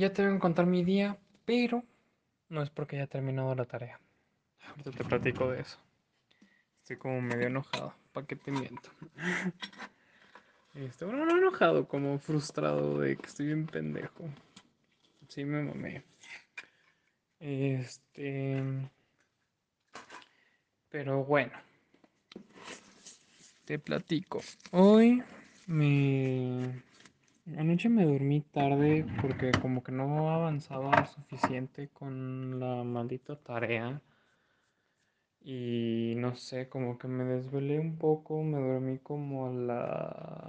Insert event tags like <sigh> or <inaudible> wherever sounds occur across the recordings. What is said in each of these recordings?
ya te voy a contar mi día, pero no es porque haya terminado la tarea. Ahorita te platico de eso. Estoy como medio enojado, ¿para qué te miento? <laughs> Este, bueno, no enojado, como frustrado de que estoy bien pendejo. Sí, me mamé. Este. Pero bueno. Te platico. Hoy me Anoche me dormí tarde porque como que no avanzaba suficiente con la maldita tarea. Y no sé, como que me desvelé un poco, me dormí como a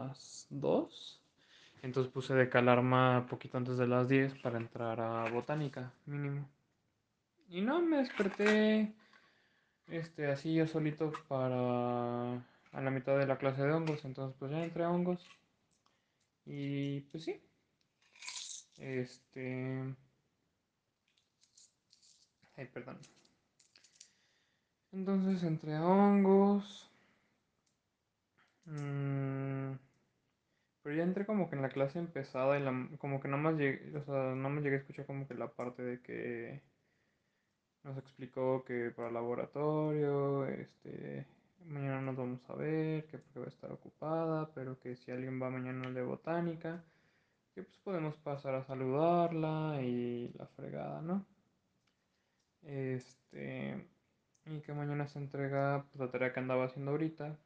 las 2. Entonces puse de calarma poquito antes de las 10 para entrar a botánica, mínimo. Y no, me desperté este, así yo solito para a la mitad de la clase de hongos. Entonces pues ya entré a hongos. Y pues sí. Este. Ay, perdón. Entonces, entre hongos. Mm, pero ya entré como que en la clase empezada y como que nada más llegué, o sea, más llegué a escuchar como que la parte de que nos explicó que para laboratorio, este, mañana nos vamos a ver, que porque va a estar ocupada, pero que si alguien va mañana al de botánica, que pues podemos pasar a saludarla y la fregada, ¿no? Este, y que mañana se entrega pues, la tarea que andaba haciendo ahorita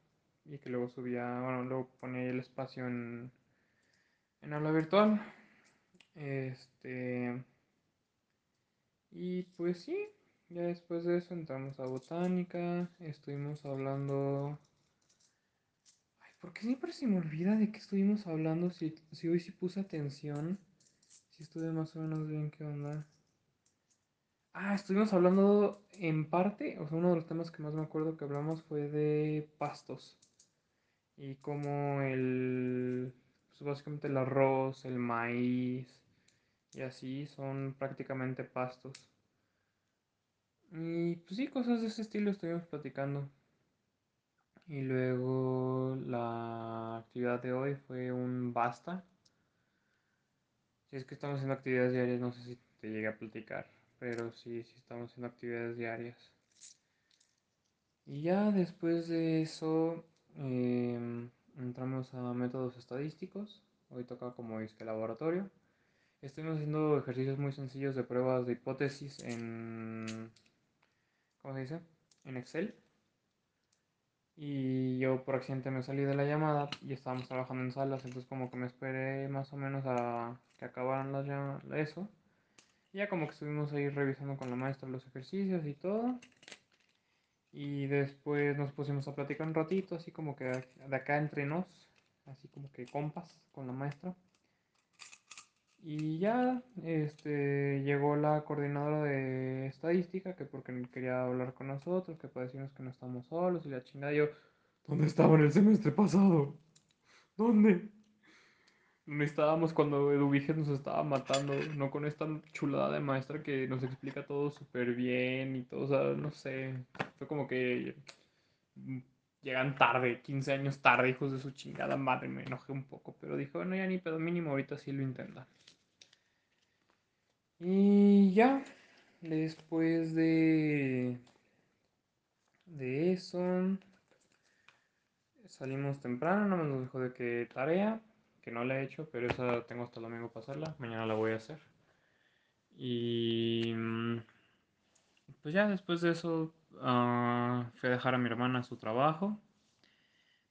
y que luego subía, bueno, luego ponía el espacio en, en aula virtual. Este, y pues sí, ya después de eso entramos a botánica, estuvimos hablando... Ay, ¿por qué siempre se me olvida de qué estuvimos hablando? Si, si hoy sí puse atención, si estuve más o menos bien qué onda. Ah, estuvimos hablando en parte, o sea, uno de los temas que más me acuerdo que hablamos fue de pastos. Y como el, pues básicamente el arroz, el maíz y así son prácticamente pastos. Y mm, pues sí, cosas de ese estilo estuvimos platicando. Y luego la actividad de hoy fue un basta. Si es que estamos haciendo actividades diarias, no sé si te llegué a platicar, pero sí, sí estamos haciendo actividades diarias. Y ya después de eso em, entramos a métodos estadísticos. Hoy toca como el laboratorio. Estuvimos haciendo ejercicios muy sencillos de pruebas de hipótesis en ¿cómo se dice? En Excel. Y yo por accidente me salí de la llamada y estábamos trabajando en salas, entonces como que me esperé más o menos a que acabaran las llamadas eso. ya como que estuvimos ahí revisando con la maestra los ejercicios y todo. Y después nos pusimos a platicar un ratito, así como que de acá entre nos, así como que compas con la maestra. Y ya este, llegó la coordinadora de estadística, que porque quería hablar con nosotros, que para decirnos que no estamos solos y la chingada. Yo, ¿dónde estaba en el semestre pasado? ¿Dónde? No estábamos cuando Edu nos estaba matando, no con esta chulada de maestra que nos explica todo súper bien y todo, o sea, no sé. Fue como que llegan tarde, 15 años tarde, hijos de su chingada madre. Me enojé un poco, pero dijo bueno, ya ni pedo mínimo, ahorita sí lo intentan. Y ya, después de, de eso, salimos temprano, no nos dejó de que tarea, que no la he hecho, pero esa tengo hasta el domingo para hacerla, mañana la voy a hacer. Y mm, pues ya después de eso ah, fui a dejar a mi hermana su trabajo,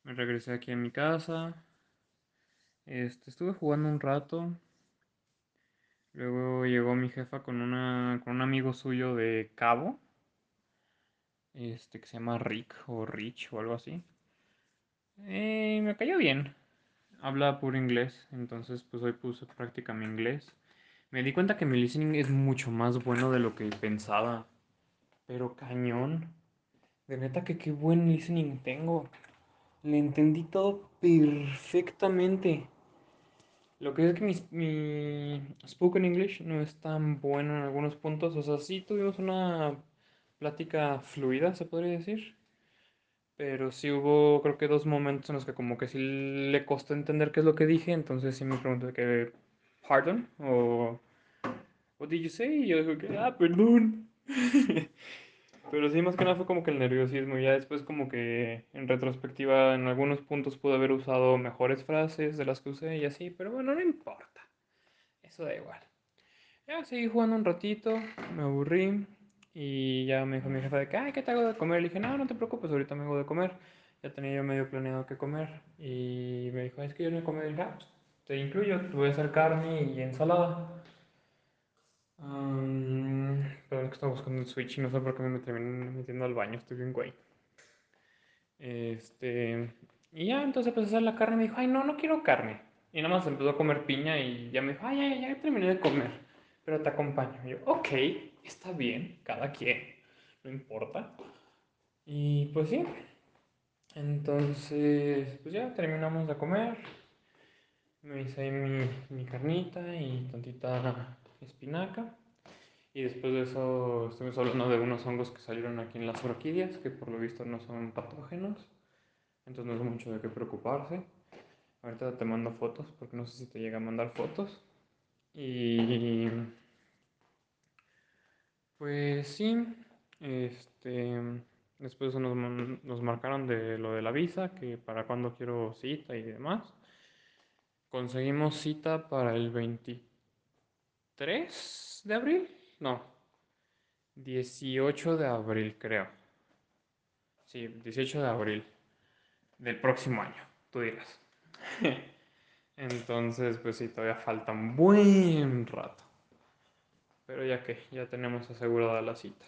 me regresé aquí a mi casa, este, estuve jugando un rato, Luego llegó mi jefa con, una, con un amigo suyo de Cabo, este que se llama Rick o Rich o algo así. Eh, me cayó bien. Habla puro inglés, entonces pues hoy puse práctica mi inglés. Me di cuenta que mi listening es mucho más bueno de lo que pensaba. Pero cañón. De neta que qué buen listening tengo. Le entendí todo perfectamente. Lo que es que mi, spoken English no es tan bueno en algunos puntos. O sea, sí tuvimos una plática fluida, se podría decir. Pero sí hubo, creo que dos momentos en los que como que sí le costó entender qué es lo que dije. Entonces sí me preguntó que, pardon, o what did you say? Y yo dije, ah, perdón. <laughs> Pero sí, más que nada fue como que el nerviosismo. Ya después como que en retrospectiva en algunos puntos pude haber usado mejores frases de las que usé y así, pero bueno, no importa. Eso da igual. Ya seguí jugando un ratito, me aburrí y ya me dijo mi jefa de que, ay, ¿qué te hago de comer? Le dije, no, no te preocupes, ahorita me hago de comer. Ya tenía yo medio planeado qué comer y me dijo, es que yo no he comido. Y dije, ah, pues, te incluyo, te voy a hacer carne y ensalada perdón, que estaba buscando el Switch y no sé por qué me terminé metiendo al baño, estoy bien güey. Este. Y ya, entonces empezó pues, a hacer la carne y me dijo, ay, no, no quiero carne. Y nada más empezó a comer piña y ya me dijo, ay, ya, ya, terminé de comer, pero te acompaño. Y yo, ok, está bien, cada quien, no importa. Y pues sí. Entonces, pues ya terminamos de comer. Me hice mi, mi carnita y tantita espinaca. Y después de eso estuvimos hablando de unos hongos que salieron aquí en las orquídeas, que por lo visto no son patógenos. Entonces no es mucho de qué preocuparse. Ahorita te mando fotos, porque no sé si te llega a mandar fotos. Y pues sí, este, después nos, nos marcaron de lo de la visa, que para cuándo quiero cita y demás. Conseguimos cita para el 24 3 de abril, no, 18 de abril creo. Sí, 18 de abril del próximo año, tú dirás. <laughs> Entonces, pues sí, todavía falta un buen rato. Pero ya que, ya tenemos asegurada la cita.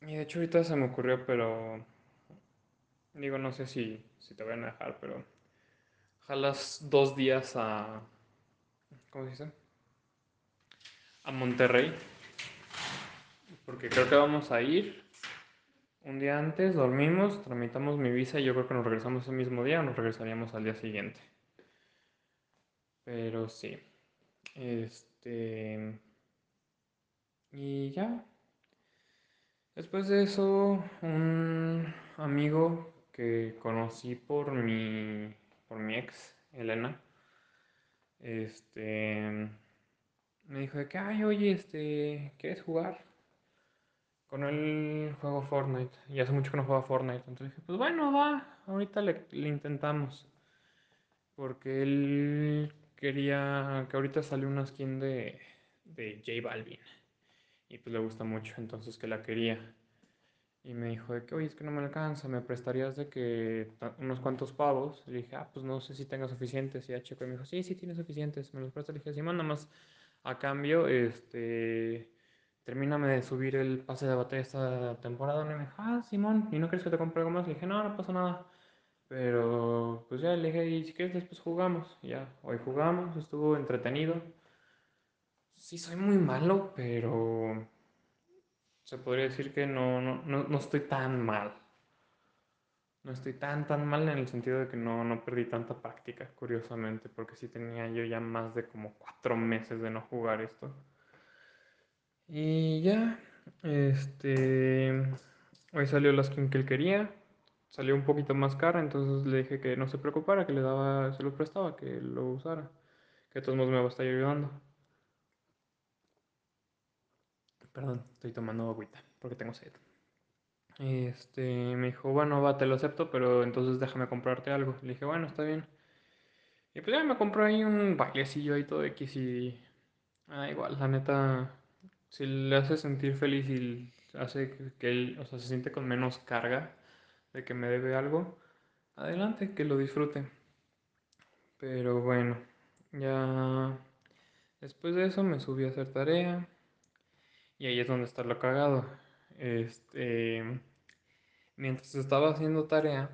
Y de hecho ahorita se me ocurrió, pero... Digo, no sé si, si te van a dejar, pero... Jalas dos días a ¿cómo se dice? A Monterrey. Porque creo que vamos a ir un día antes, dormimos, tramitamos mi visa y yo creo que nos regresamos ese mismo día o nos regresaríamos al día siguiente. Pero sí. Este. Y ya. Después de eso, un amigo que conocí por mi, por mi ex, Elena, este, me dijo de que, ay, oye, este, ¿quieres jugar? Con el juego Fortnite. Y hace mucho que no juega Fortnite. Entonces dije, pues bueno, va, ahorita le, intentamos. Porque él quería que ahorita salió una skin de, de J Balvin. Y pues le gusta mucho, entonces que la quería. Y me dijo de que, oye, es que no me alcanza, ¿me prestarías de que unos cuantos pavos? Le dije, ah, pues no sé si tenga suficientes. Y ya checo me dijo, sí, sí, tiene suficientes. Me los presta. Le dije, Simón, nada más a cambio, este, termíname de subir el pase de batalla esta temporada. Y me dijo, ah, Simón, ¿y no crees que te compre algo más? Le dije, no, no pasa nada. Pero, pues ya, le dije, y si quieres después jugamos. ya, hoy jugamos, estuvo entretenido. Sí, soy muy malo, pero se podría decir que no, no, no, estoy tan mal. No estoy tan, tan mal en el sentido de que no, no perdí tanta práctica, curiosamente, porque sí tenía yo ya más de como cuatro meses de no jugar esto. Y ya, este, hoy salió la skin que él quería, salió un poquito más cara, entonces le dije que no se preocupara, que le daba, se lo prestaba, que lo usara, que de todos modos me va a estar ayudando. Perdón, estoy tomando agüita porque tengo sed. Este, me dijo, bueno, va, te lo acepto, pero entonces déjame comprarte algo. Le dije, bueno, está bien. Y pues ya me compró ahí un bailecillo Y todo X y... Ah, igual, la neta, si le hace sentir feliz y hace que él, o sea, se siente con menos carga de que me debe algo, adelante, que lo disfrute. Pero bueno, ya... Después de eso me subí a hacer tarea. Y ahí es donde está lo cagado. Este, mientras estaba haciendo tarea,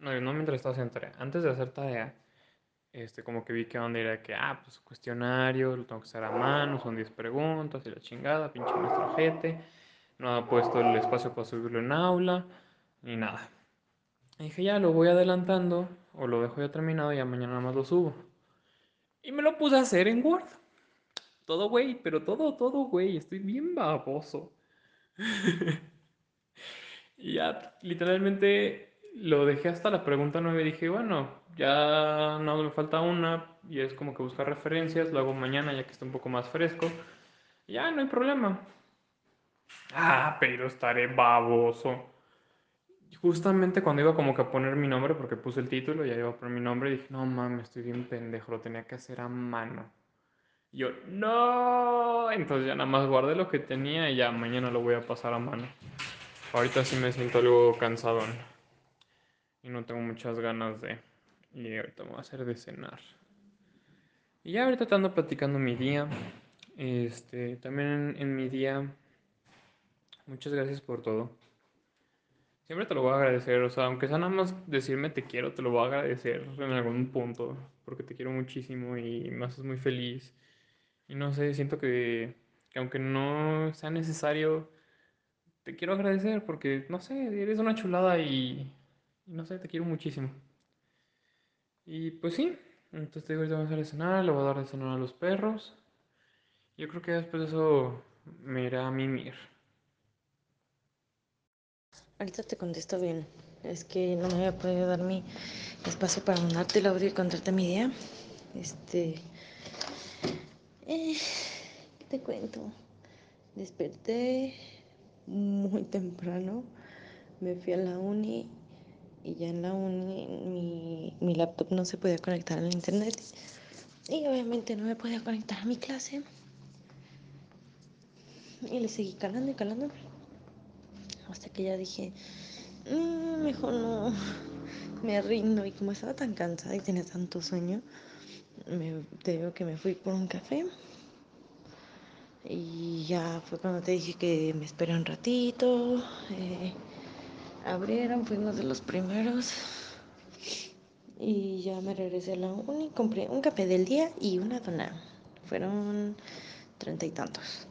no, no mientras estaba haciendo tarea, antes de hacer tarea, este, como que vi que onda era que, ah, pues cuestionario, lo tengo que hacer a mano, son 10 preguntas y la chingada, pinche nuestro gente, no ha puesto el espacio para subirlo en aula, ni nada. Y dije, ya lo voy adelantando, o lo dejo ya terminado, ya mañana nada más lo subo. Y me lo puse a hacer en Word. Todo, güey, pero todo, todo, güey. Estoy bien baboso. <laughs> y ya, literalmente lo dejé hasta la pregunta 9. Dije, bueno, ya no me falta una. Y es como que buscar referencias. Lo hago mañana ya que está un poco más fresco. ya, no hay problema. Ah, pero estaré baboso. Justamente cuando iba como que a poner mi nombre, porque puse el título, ya iba a poner mi nombre, dije, no mames, estoy bien pendejo, lo tenía que hacer a mano. Yo, no. Entonces ya nada más guardé lo que tenía y ya mañana lo voy a pasar a mano. Ahorita sí me siento algo cansado y no tengo muchas ganas de. Y ahorita me voy a hacer de cenar. Y ya ahorita te ando platicando mi día. Este, también en, en mi día, muchas gracias por todo. Siempre te lo voy a agradecer, o sea, aunque sea nada más decirme te quiero, te lo voy a agradecer en algún punto, porque te quiero muchísimo y me haces muy feliz. Y no sé, siento que, aunque no sea necesario, te quiero agradecer porque, no sé, eres una chulada y, no sé, te quiero muchísimo. Y pues sí, entonces te digo, vamos a, cenar, le voy a dar de cenar a los perros. Yo creo que después eso me irá a mimir. Ahorita te contesto bien. Es que no me había podido dar mi espacio para mandarte el audio y contarte mi idea. Este, eh, te cuento? Desperté muy temprano, me fui a la uni y ya en la uni mi, laptop no se podía conectar al internet y obviamente no me podía conectar a mi clase. Y le seguí calando y calando hasta que ya dije, mm, mejor no, me rindo. Y como estaba tan cansada y tenía tanto sueño, me, te digo que me fui por un café. Y ya fue cuando te dije que me esperé un ratito. Eh, abrieron, uno de los primeros. Y ya me regresé a la uni, compré un café del día y una dona. Fueron treinta y tantos.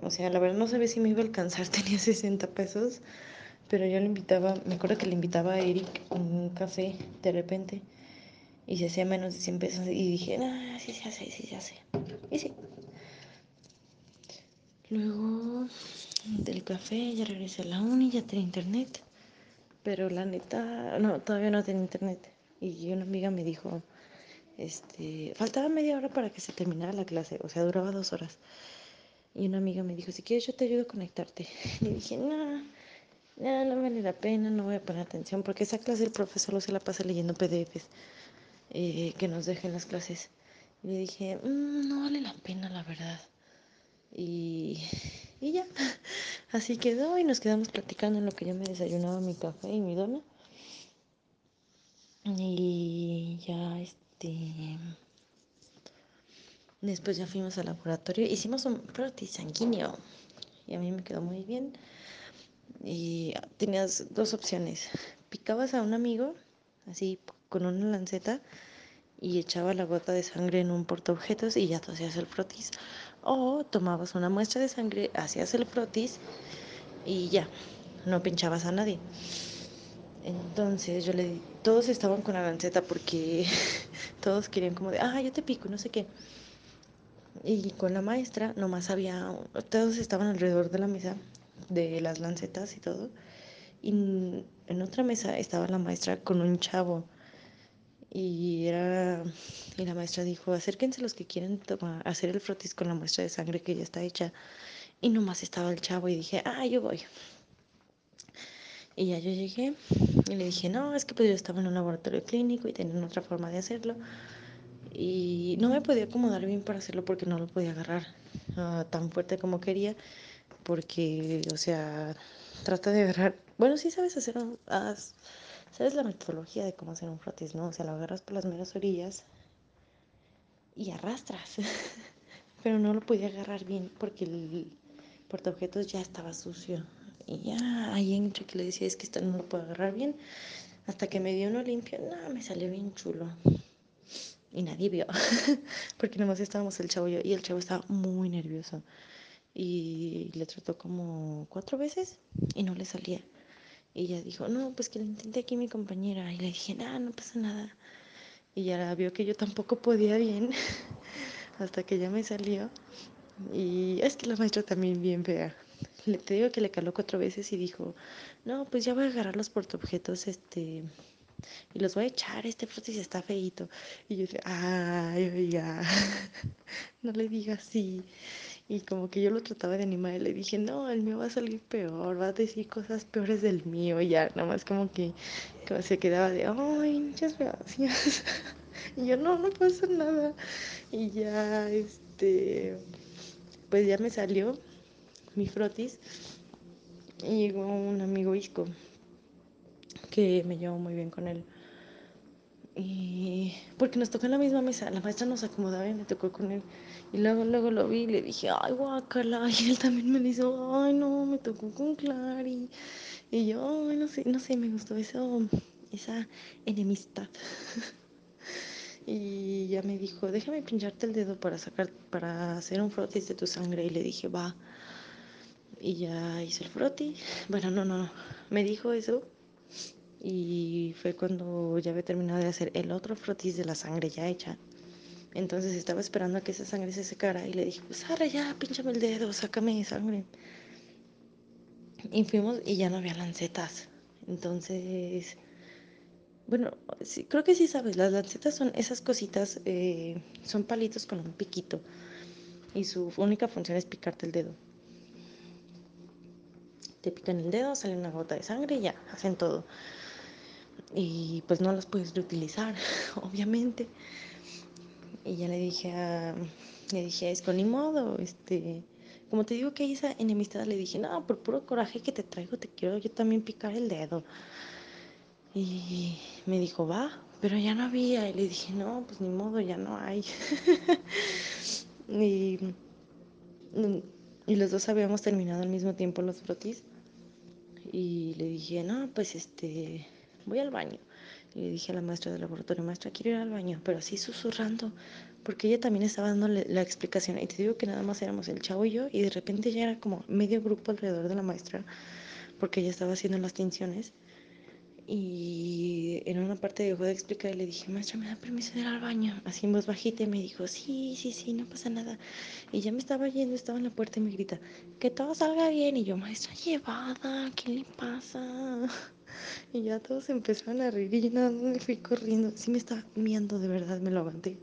O sea, la verdad no sabía si me iba a alcanzar, <laughs> tenía 60 pesos. Pero yo le invitaba, me acuerdo que le invitaba a Eric un café de repente. Y se hacía menos de 100 pesos. Y dije, ah, sí se hace, sí se hace. Y sí. Luego del café ya regresé a la uni, ya tenía internet. Pero la neta, no, todavía no tenía internet. Y una amiga me dijo, este, faltaba media hora para que se terminara la clase, o sea, duraba dos horas. Y una amiga me dijo, si quieres yo te ayudo a conectarte. <laughs> Y dije, no, no, no vale la pena, no voy a poner atención, porque esa clase el profesor lo se la pasa leyendo PDFs. Eh, que nos dejen las clases. Y le dije, mm, no vale la pena, la verdad. Y, y ya, <laughs> así quedó y nos quedamos platicando en lo que yo me desayunaba mi café y mi dona. Y ya, este... Después ya fuimos al laboratorio, hicimos un protis sanguíneo y a mí me quedó muy bien. Y tenías dos opciones, picabas a un amigo, así con una lanceta y echaba la gota de sangre en un portaobjetos y ya tú hacías el protis O tomabas una muestra de sangre, hacías el protis y ya, no pinchabas a nadie. Entonces yo le di todos estaban con la lanceta porque <laughs> todos querían como de, ah, yo te pico, no sé qué. Y con la maestra nomás había, todos estaban alrededor de la mesa, de las lancetas y todo. Y en otra mesa estaba la maestra con un chavo y, era, y la maestra dijo, acérquense los que quieren tomar, hacer el frotis con la muestra de sangre que ya está hecha. Y nomás estaba el chavo y dije, ah, yo voy. Y ya yo llegué y le dije, no, es que pues yo estaba en un laboratorio clínico y tenían otra forma de hacerlo. Y no me podía acomodar bien para hacerlo porque no lo podía agarrar ah, tan fuerte como quería. Porque, o sea, trata de agarrar. Bueno, sí sabes hacer, haz, ah, ¿Sabes la metodología de cómo hacer un frotis, no? O sea, lo agarras por las meras orillas y arrastras. <laughs> Pero no lo podía agarrar bien porque el portaobjetos ya estaba sucio. Y ya ahí entre que le decía, es que esta no lo puedo agarrar bien. Hasta que me dio uno limpio, no, me salió bien chulo. Y nadie vio, <laughs> porque nomás estábamos el chavo y yo, y el chavo estaba muy nervioso. Y le trató como cuatro veces y no le salía. Y ella dijo, no, pues que le intenté aquí mi compañera. Y le dije, no, no pasa nada. Y ya vio que yo tampoco podía bien, <laughs> hasta que ya me salió. Y es que la maestra también bien vea Le te digo que le caló cuatro veces y dijo, no, pues ya voy a agarrar los objetos este, y los voy a echar, este frotis está feito. Y yo dije, ay, oiga, <laughs> no le diga así. Y como que yo lo trataba de animar y le dije, no, el mío va a salir peor, va a decir cosas peores del mío. Y ya, nada más como que se quedaba de, ay, muchas gracias. <laughs> y yo, no, no pasa nada. Y ya, este, pues ya me salió mi frotis y llegó un amigo isco que me llevó muy bien con él. Y porque nos tocó en la misma mesa, la maestra nos acomodaba y me tocó con él. Y luego, luego lo vi y le dije, ay, guacala. Y él también me dijo, ay, no, me tocó con Clary. Y yo, ay, no sé, no sé, me gustó eso, esa enemistad. <laughs> y ya me dijo, déjame pincharte el dedo para sacar, para hacer un frotis de tu sangre. Y le dije, va. Y ya hice el froti. Bueno, no, no, no. Me dijo eso y fue cuando ya había terminado de hacer el otro frotis de la sangre ya hecha. Entonces estaba esperando a que esa sangre se secara y le dije, pues ya, pinchame el dedo, sácame sangre. Y fuimos y ya no había lancetas. Entonces, bueno, creo que sí sabes, las lancetas son esas cositas, eh, son palitos con un piquito y su única función es picarte el dedo. Te pican el dedo, sale una gota de sangre y ya, hacen todo y pues no las puedes reutilizar, <laughs> obviamente. Y ya le dije a, le dije, es con ni modo, este, como te digo que esa enemistad, le dije, no, por puro coraje que te traigo, te quiero yo también picar el dedo. Y me dijo, va, pero ya no había. Y le dije, no, pues ni modo, ya no hay. <laughs> y, mm, y los dos habíamos terminado al mismo tiempo los frotis. Y le dije, no, pues este, voy al baño. Y le dije a la maestra del laboratorio, maestra, quiero ir al baño, pero así susurrando, porque ella también estaba dando la explicación. Y te digo que nada más éramos el chavo y yo, y de repente ya era como medio grupo alrededor de la maestra, porque ella estaba haciendo las tensiones Y en una parte dejó de explicar y le dije, maestra, ¿me da permiso de ir al baño? Así en voz bajita y me dijo, sí, sí, sí, no pasa nada. Y ya me estaba yendo, estaba en la puerta y me grita, que todo salga bien. Y yo, maestra, llevada, ¿qué le pasa? Y ya todos empezaron a reír y yo nada me fui corriendo. Sí me estaba miando, de verdad, me lo aguanté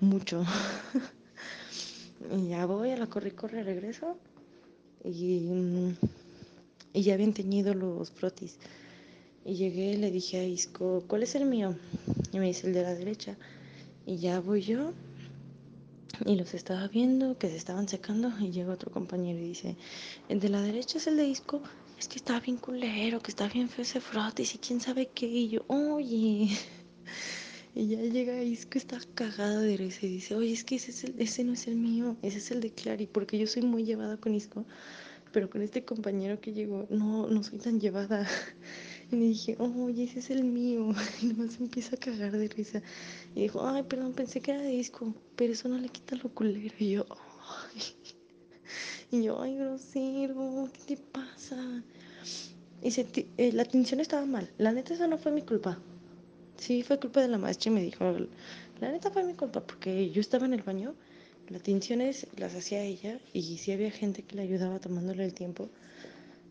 mucho. <laughs> y ya voy a la corre, corre, regreso. Mm, y, ya habían teñido los protis. Y llegué le dije a Isco, ¿cuál es el mío? Y me dice el de la derecha. Y ya voy yo y los estaba viendo que se estaban secando y llega otro compañero y dice, el de la derecha es el de disco es que está bien culero, que está bien feo ese frotis y quién sabe qué. Y yo, oye. <laughs> Y ya llega Isco, está cagado de risa y dice, oye, es que ese, es ese no es el mío, ese es el de Clary, porque yo soy muy llevada con Isco, pero con este compañero que llegó, no, no soy tan llevada. <laughs> Y me dije, oye, ese es el mío. <laughs> Y nomás empieza a cagar de risa. Y dijo, ay, perdón, pensé que era de Isco, pero eso no le quita lo culero. Y yo, ay. Y yo, ay, grosero, ¿qué te pasa? Y eh, la atención estaba mal. La neta, eso no fue mi culpa. Sí, fue culpa de la maestra y me dijo, la neta fue mi culpa porque yo estaba en el baño, las tensiones las hacía ella y sí había gente que le ayudaba tomándole el tiempo,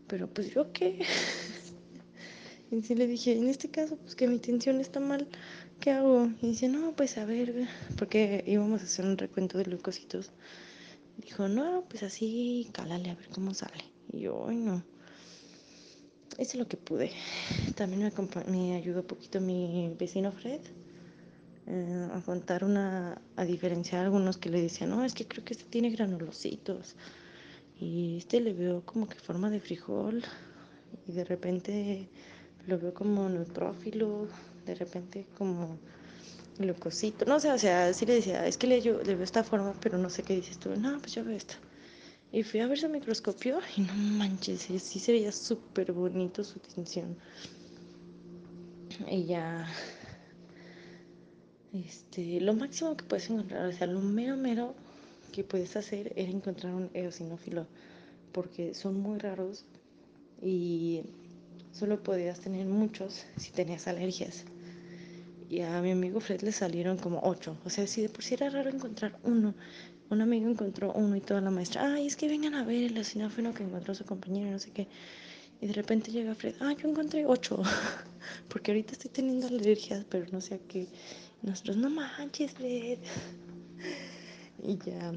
pero pues yo qué. <laughs> y sí le dije, en este caso, pues que mi tensión está mal, ¿qué hago? Y dice, no, pues a ver, porque íbamos a hacer un recuento de cositos Dijo, no, pues así, cálale a ver cómo sale. Y yo, ay, no. Hice lo que pude. También me, ayudó un poquito mi vecino Fred eh, a contar una, a diferenciar a algunos que le decían, no, es que creo que este tiene granulocitos. Y este le veo como que forma de frijol. Y de repente lo veo como neutrófilo. De repente como cosito, no sé, o sea, sí le decía, es que le, yo, le veo esta forma, pero no sé qué dices tú, no, pues yo veo esta. Y fui a ver su microscopio y no manches, sí se veía súper bonito su tensión Y ya, este, lo máximo que puedes encontrar, o sea, lo mero, mero que puedes hacer era encontrar un eosinófilo, porque son muy raros y solo podías tener muchos si tenías alergias y a mi amigo Fred le salieron como ocho. O sea, si de por sí era raro encontrar uno. Un amigo encontró uno y toda la maestra, ay, es que vengan a ver el asinófeno que encontró su compañero, no sé qué. Y de repente llega Fred, ah, yo encontré ocho. <laughs> Porque ahorita estoy teniendo alergias, pero no sé a qué. nosotros, no manches, Fred. <laughs> y ya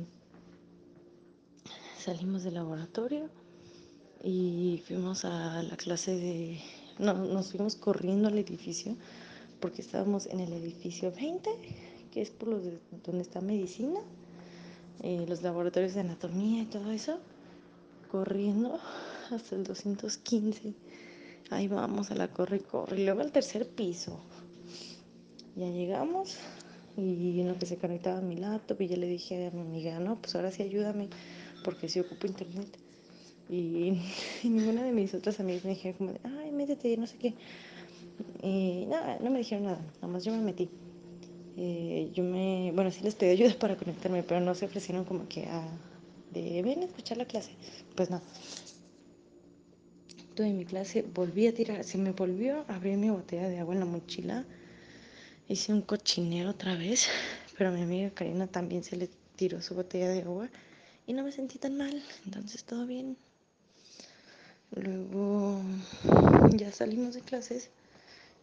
salimos del laboratorio y fuimos a la clase de... No, nos fuimos corriendo al edificio porque estábamos en el edificio 20, que es por donde está medicina, eh, los laboratorios de anatomía y todo eso, corriendo hasta el 215. Ahí vamos a la corre, corre. Y luego al tercer piso. Ya llegamos y en lo que se conectaba mi laptop y ya le dije a mi amiga, no, pues ahora sí ayúdame porque sí ocupo internet. Y, <laughs> ninguna de mis otras amigas me dijeron como, ay, métete, no sé qué. Y nada, no me dijeron nada, nomás yo me metí. Eh, yo me, bueno, sí les pedí ayuda para conectarme, pero no se ofrecieron como que a, de, escuchar la clase. Pues no. Tuve mi clase, volví a tirar, se me volvió a abrir mi botella de agua en la mochila. Hice un cochinero otra vez, pero a mi amiga Karina también se le tiró su botella de agua y no me sentí tan mal, entonces todo bien. Luego ya salimos de clases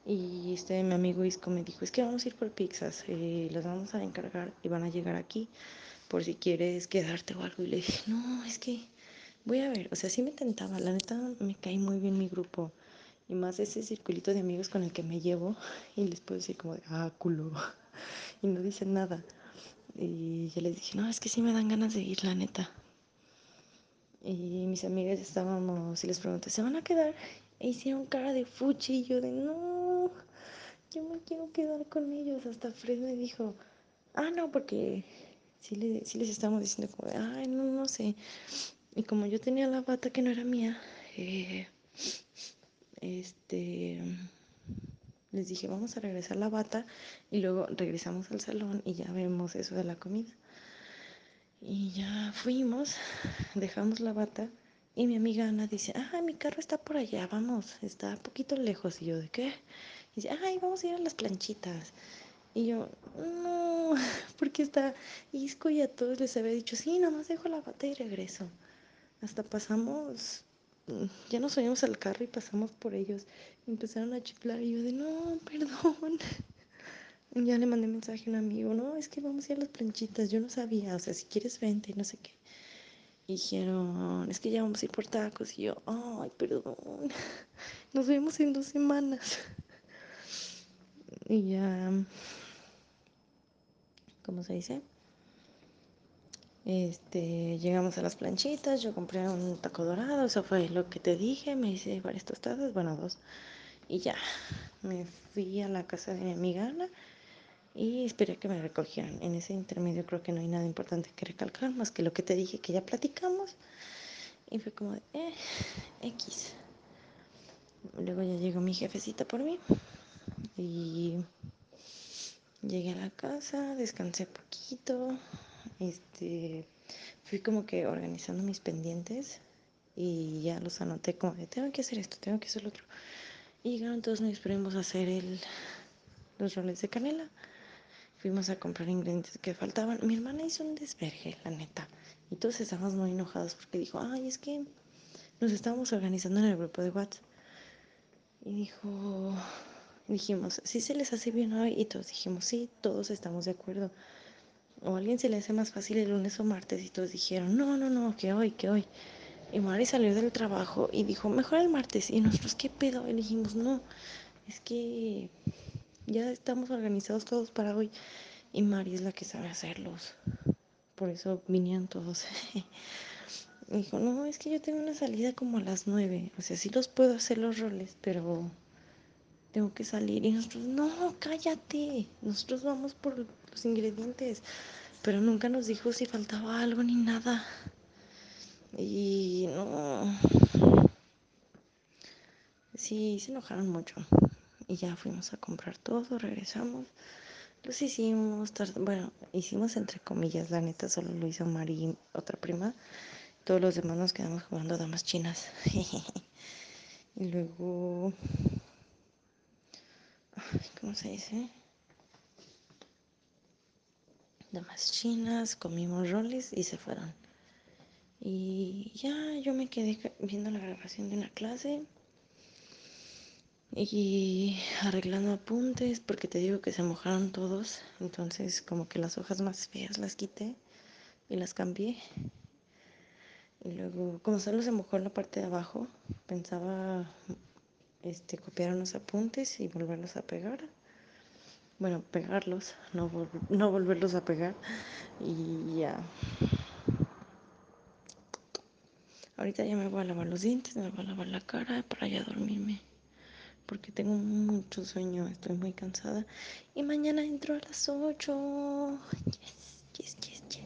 y este mi amigo Isco me dijo, es que vamos a ir por pizzas, eh, las vamos a encargar y van a llegar aquí por si quieres quedarte o algo. Y le dije, no, es que voy a ver, o sea, sí me tentaba, la neta me cae muy bien mi grupo. Y más ese circulito de amigos con el que me llevo y les puedo decir como de, ah, culo. <laughs> Y no dicen nada. Y yo les dije, no, es que sí me dan ganas de ir, la neta. Y mis amigas estábamos y les pregunté, ¿se van a quedar? E hicieron cara de fuchi y yo de, no, quiero quedar con ellos. Hasta Fred me dijo, ah, no, porque Si les estamos diciendo como, ay, no, no sé. Y como yo tenía la bata que no era mía, eh, este, les dije, vamos a regresar la bata y luego regresamos al salón y ya vemos eso de la comida. Y ya fuimos, dejamos la bata y mi amiga Ana dice, ah, mi carro está por allá, vamos, está un poquito lejos. Y yo, ¿de qué? Y dice, ay, vamos a ir a las planchitas. Y yo, no, <laughs> porque está Isco y a todos les había dicho, sí, nomás dejo la bata y regreso. Hasta pasamos, ya nos subimos al carro y pasamos por ellos. empezaron a chiflar y yo de, no, perdón. <laughs> ya le mandé mensaje a un amigo, no, es que vamos a ir a las planchitas, yo no sabía, o sea, si quieres vente y no sé qué. Y dijeron, es que ya vamos a ir por tacos. Y yo, ay, perdón, <laughs> nos vemos en dos semanas y ya, ¿cómo se dice? Este, llegamos a las planchitas, yo compré un taco dorado, eso fue lo que te dije, me hice varias tostadas, bueno, dos. Y ya, me fui a la casa de mi amiga y esperé que me recogieran. En ese intermedio creo que no hay nada importante que recalcar, más que lo que te dije que ya platicamos. Y fue como de, eh, X. Luego ya llegó mi jefecita por mí y llegué a la casa, descansé poquito, este, fui como que organizando mis pendientes y ya los anoté como de tengo que hacer esto, tengo que hacer lo otro. Y llegaron todos mis primos a hacer el, los roles de canela. Fuimos a comprar ingredientes que faltaban. Mi hermana hizo un desverge, la neta. Y todos estábamos muy enojados porque dijo, ay, es que nos estábamos organizando en el grupo de WhatsApp. Y dijo, dijimos, si se les hace bien hoy, y todos dijimos, sí, todos estamos de acuerdo. O alguien se le hace más fácil el lunes o martes, y todos dijeron, no, no, no, que hoy, que hoy. Y Mari salió del trabajo y dijo, mejor el martes. Y nosotros, ¿qué pedo? Y dijimos, no, es que ya estamos organizados todos para hoy. Y Mari es la que sabe hacerlos. Por eso vinieron todos. <laughs> dijo, no, es que yo tengo una salida como a las nueve. O sea, sí los puedo hacer los roles, pero tengo que salir. Y nosotros, no, cállate, nosotros vamos por los ingredientes. Pero nunca nos dijo si faltaba algo ni nada. Y no. Sí, se enojaron mucho. Y ya fuimos a comprar todo, regresamos. Los hicimos, bueno, hicimos entre comillas, la neta solo lo hizo Mari, otra prima. Todos los demás nos quedamos jugando damas chinas. <laughs> y luego ¿cómo se dice? Damas chinas, comimos roles y se fueron. Y ya yo me quedé viendo la grabación de una clase y arreglando apuntes porque te digo que se mojaron todos, entonces como que las hojas más feas las quité y las cambié. Y luego, como solo se mojó la parte de abajo, pensaba este, copiar los apuntes y volverlos a pegar. Bueno, pegarlos, no, no volverlos a pegar. Y ya. Ahorita ya me voy a lavar los dientes, me voy a lavar la cara para ya dormirme. Porque tengo mucho sueño, estoy muy cansada. Y mañana entro a las 8. Yes, yes, yes, yes.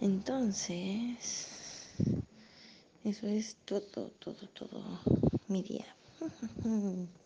Entonces... Eso es todo, todo, todo mi día. <laughs>